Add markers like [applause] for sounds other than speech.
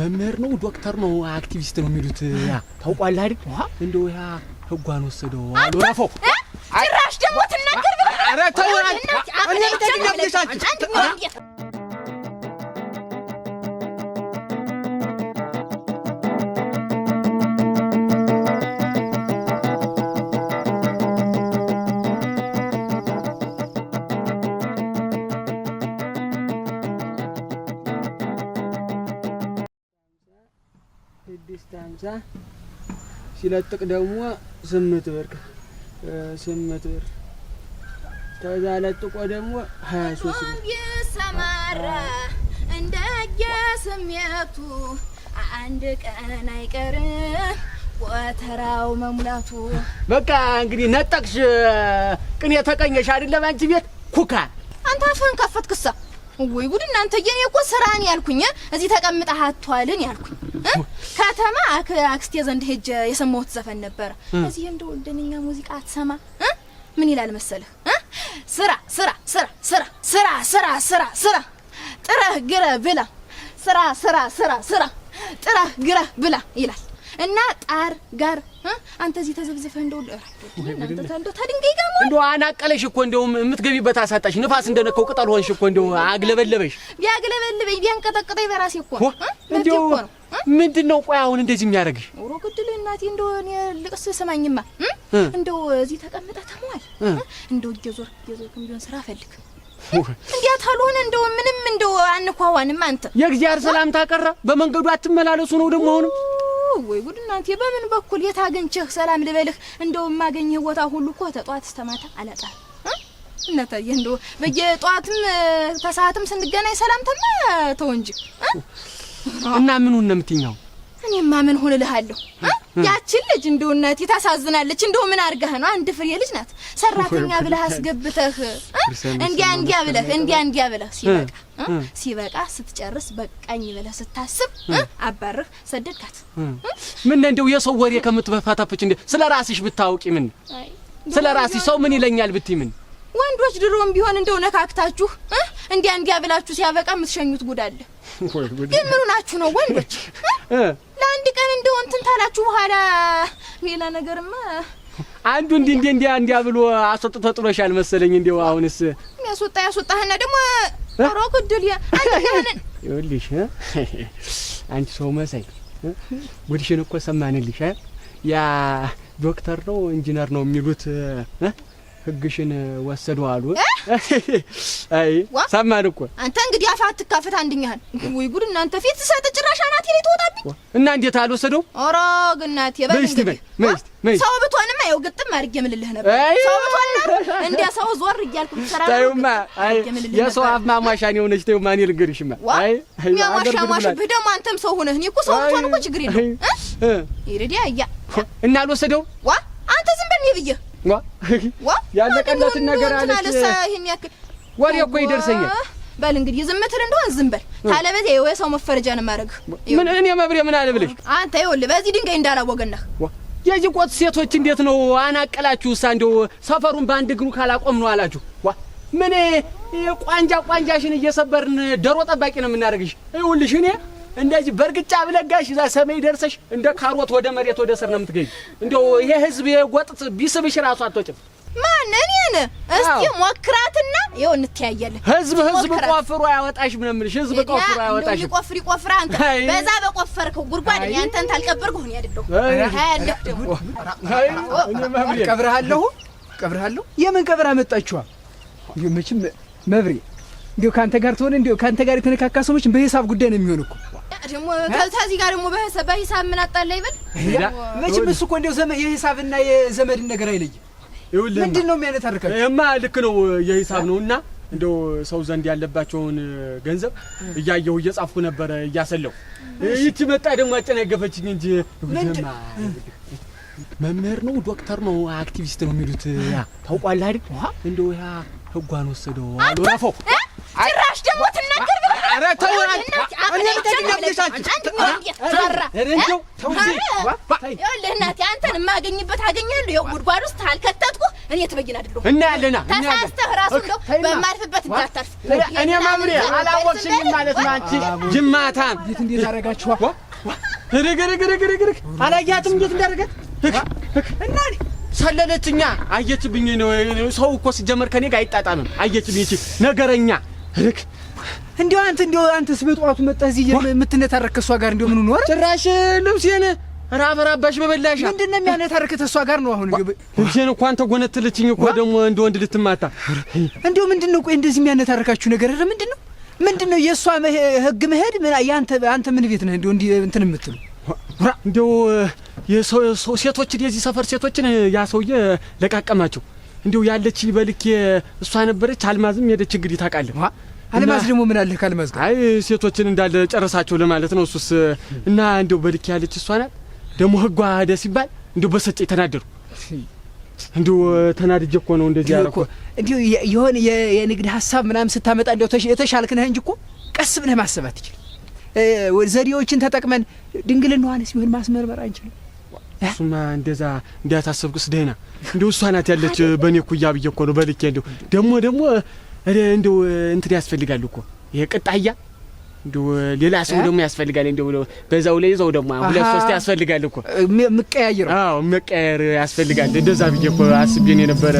መምህር ነው ዶክተር ነው አክቲቪስት ነው የሚሉት ታውቋል አይደል? እንደው ያ ህጓን ወሰደው አሉ ረፈው ጭራሽ ደግሞ ትናገር ብለህ ኧረ ተው ስድስት ሀምሳ ሲለጥቅ ደግሞ ስምንት ብር ስምንት ብር ከዛ ለጥቆ ደግሞ ሀያ ሶስት ብር ይሰማራ እንደ ስሜቱ አንድ ቀን አይቀር ወተራው መሙላቱ። በቃ እንግዲህ ነጠቅሽ፣ ቅኔ ተቀኘሽ አይደለም አንቺ ቤት ኩካ። አንተ አፍህን ከፈትክሳ ወይ ጉድ እናንተ! የኔ እኮ ስራን ያልኩኝ እዚህ ተቀምጠህ አትዋልን ያልኩኝ ከተማ አክስቴ ዘንድ ሄጀ የሰማሁት ዘፈን ነበር። እዚህ እንደው እንደኛ ሙዚቃ አትሰማ ምን ይላል መሰለህ? ስራ ስራ ስራ ስራ ስራ ስራ ስራ ስራ ጥረህ ግረህ ብላ ስራ ስራ ስራ ስራ ጥረህ ግረህ ብላ ይላል እና ጣር ጋር አንተ እዚህ ተዘብዝፈህ እንደው እንደው ታድንገኝ ጋር እንደው አናቀለሽ እኮ እንደው የምትገቢበት አሳጣሽ። ንፋስ እንደነካው ቅጠል ሆንሽ እኮ እንደው አግለበለበሽ። ቢያግለበልበኝ ቢያንቀጠቅጠኝ በራሴ እኮ እንደው ምንድን ነው ቆይ አሁን እንደዚህ የሚያደርግሽ? ኑሮ ግድል እናቴ፣ እንደው እኔ ልቅስ ስማኝማ፣ እንደው እዚህ ተቀምጠ ተሟል፣ እንደው እየዞር እየዞር ቢሆን ስራ ፈልግ። እንዲያት አልሆነ እንደው ምንም እንደው አንኳዋንም። አንተ የእግዚአብሔር ሰላምታ ቀረ፣ በመንገዱ አትመላለሱ ነው ደግሞ አሁንም ወይ ጉድ እናቴ! በምን በኩል የት አግኝቼህ ሰላም ልበልህ? እንደው የማገኘህ ቦታ ሁሉ እኮ ተጧት እስተማታ አላጣ እናታዬ እንደው በየጧትም ተሰዓትም ስንገናኝ ሰላምታማ ተው እንጂ እና ምን ነው የምትኛው? እኔማ ምን ሆን እልሃለሁ። ያችን ልጅ እንደው እናቴ ታሳዝናለች። እንደው ምን አድርጋህ ነው? አንድ ፍሬ ልጅ ናት። ሰራተኛ ብለህ አስገብተህ እንዲያ እንዲያ ብለህ እንዲያ እንዲያ ብለህ ሲበቃ ሲበቃ ስትጨርስ በቃኝ ብለህ ስታስብ አባርህ ሰደድካት። ምን ነው እንደው የሰው ወሬ ከምትፈታፈች እንደ ስለ ራስሽ ብታውቂ ምን ስለ ራስሽ ሰው ምን ይለኛል ብትይ ምን ወንዶች ድሮም ቢሆን እንደው ነካክታችሁ እንዲያ እንዲያ ብላችሁ ሲያበቃ የምትሸኙት ጉዳለ። ግን ምኑ ናችሁ ነው ወንዶች? ለአንድ ቀን እንደው እንትን ታላችሁ በኋላ ሌላ ነገርማ አንዱ እንዲ እንዲ እንዲያ እንዲያ ብሎ አስወጥቶ ጥሎሻል መሰለኝ። እንዲያው አሁንስ የሚያስወጣ ያስወጣህና ደግሞ ሮ ግድል [laughs] ይኸውልሽ፣ አንቺ ሰው መሳይ ጉድሽን እኮ ሰማንልሽ። ያ ዶክተር ነው ኢንጂነር ነው የሚሉት ህግሽን ወሰዱ አሉ። [laughs] አይ ሰማን እኮ አንተ እንግዲህ አፋ አትካፈት አንድኛህን። ወይ ጉድ እናንተ ፊት ሰጥ ጭራሽ አናቴ ላይ ትወጣብኝ እና እንዴት አልወሰደው? ኧረ ግን እናቴ በል እንግዲህ ሰው ብትሆንማ ይኸው ግጥም አድርጌ የምልልህ ነበር። ሰው ብትሆንማ [laughs] እንደ ሰው ዞር እያልኩ ብትሰራ ተይውማ። አይ የሰው አፍ ማሟሻን የሆነች ተይውማ። እኔ ልንገርሽማ፣ አይ የሚያሟሻ ሟሽብህ ደግሞ አንተም ሰው ሆነህ። እኔ እኮ ሰው ብትሆን እኮ ችግር የለውም። ይርዲያ እያ እና አልወሰደው ዋ አንተ ዝም በል ብዬሽ [laughs] ያለቀለትን ነገር አለች። ወሬ እኮ ይደርሰኛል። በል እንግዲህ ዝም ትል እንደሆነ ዝም በል። ታለበት ይኸው የሰው መፈረጃ ነው የማደርግህ። ምን እኔ መብሬ ምን አለብልሽ? አንተ ይኸውልህ በዚህ ድንጋይ እንዳላወገናህ የዚህ ሴቶች እንዴት ነው አናቀላችሁ? እሳ እንደው ሰፈሩን በአንድ እግሩ ካላቆም ነው አላችሁ። ዋ ምን ቋንጃ ቋንጃሽን እየሰበርን ዶሮ ጠባቂ ነው የምናደርግሽ። ይኸውልሽ እኔ እንደዚህ በእርግጫ ብለጋሽ እዛ ሰሜን ደርሰሽ እንደ ካሮት ወደ መሬት ወደ ስር ነው የምትገኝ። እንዲያው ይሄ ህዝብ የጎጥ ቢስብሽ ራሱ አትወጭም። ማን እኔን? እስቲ ሞክራትና ይኸው እንተያያለን። ህዝብ ህዝብ ቆፍሮ አያወጣሽም ነው የምልሽ። ህዝብ ቆፍሮ አያወጣሽም። ቆፍር ይቆፍር አንተ በዛ በቆፈርከው ጉድጓድ እኔ አንተን ታልቀብርኩ እኔ አይደለሁ አያለሁ ቀብርሃለሁ ቀብርሃለሁ። የምን ቀብር አመጣችኋ? መቼም መብሬ እንዲሁ ከአንተ ጋር ትሆነ እንዲሁ ከአንተ ጋር የተነካካ ሰዎች በሂሳብ ጉዳይ ነው የሚሆን እኮ ደግሞ ከዚህ ጋር ደግሞ በሂሳብ ምን አጣላ ይበል። መቼም እሱ እኮ እንደው የሂሳብና የዘመድን ነገር አይለይም። ምንድን ነው የሚያነታርካቸው? ይሄማ ልክ ነው፣ የሂሳብ ነው እና እንደው ሰው ዘንድ ያለባቸውን ገንዘብ እያየሁ እየጻፍኩ ነበረ እያሰለሁ። ይቺ መጣ ደግሞ አጨናገፈችኝ እንጂ መምህር ነው ዶክተር ነው አክቲቪስት ነው የሚሉት ታውቋለህ አይደል? እንደው ያ ህጓን ወሰደው አሉ ረፈው ጭራሽ ደግሞ ትናገር ብለህ ኧረ ተው ይኸውልህ እናቴ አንተን የማገኝበት አገኛለሁ። ይኸው ጉድጓድ ውስጥ አልከተትኩህ እኔ ትበይን አይደለሁም እና ተሳስተህ እራሱ እንደው በማልፍበት እንዳታልፍ። እኔ ማምሬ አላወቅሽኝም ማለት ነው አንቺ ጅማታም። እንዴት እንዴት አደረጋችኋ? ርግ አላያትም እንዴት እንዳደረገት እና ሰለለችኛ። አየችብኝ ሰው እኮ ሲጀመር ከኔ ጋር አይጣጣምም። አየችብኝ ነገረኛ ርግ እንዲያው አንተ እንዲያው አንተስ በጠዋቱ መጣህ እዚህ የምትነታረክ ከእሷ ጋር እንዲያው ምን ሆኖ ጭራሽ ልብሴን ራበር አባሽ በበላሽ ምንድን ነው የሚያነታርክ ተሷ ጋር ነው አሁን ልብሴን እኮ አንተ ጎነትልችኝ እኮ ደግሞ እንደ ወንድ ልትማታ እንዲያው ምንድን ነው ቆይ እንደዚህ የሚያነታርካችሁ ነገር ኧረ ምንድን ነው ምንድን ነው የእሷ ህግ መሄድ አንተ አንተ ምን ቤት ነህ እንዲያው እንትን የምትሉ እንዲያው ሴቶችን የዚህ ሰፈር ሴቶችን ያ ሰውዬ ለቃቀማቸው እንዲያው ያለች በልኬ እሷ ነበረች አልማዝም ሄደች እንግዲህ ታውቃለህ አልማዝ ደግሞ ምን አለህ ከአልማዝ ጋር? አይ ሴቶችን እንዳለ ጨረሳቸው ለማለት ነው። እሱስ እና እንደው በልክ ያለች እሷ ናት። ደግሞ ህጓ ደ ሲባል እንደው በሰጭ ተናደሩ። እንደው ተናድጄ እኮ ነው እንደዚህ ያለኩ። እንዲሁ የሆነ የንግድ ሀሳብ ምናምን ስታመጣ እንደው የተሻልክነህ እንጂ እኮ ቀስ ብለህ ማሰብ አትችልም። ዘዴዎችን ተጠቅመን ድንግልናዋንስ ቢሆን ማስመርመር አንችልም። እሱማ እንደዛ እንዳታሰብኩስ ደህና እንደው እሷ ናት ያለች በእኔ እኩያ ብዬ እኮ ነው በልኬ እንደው ደግሞ ደግሞ እንደው እንትን ያስፈልጋል እኮ ይሄ ቅጣያ እንደው ሌላ ሰው ደግሞ ያስፈልጋል። እንደው በዛው ላይ እዛው ደግሞ ሁለት ሶስት ያስፈልጋል እኮ መቀያየር። አዎ መቀያየር ያስፈልጋል። እንደዛ ብዬ እኮ አስቤን የነበረ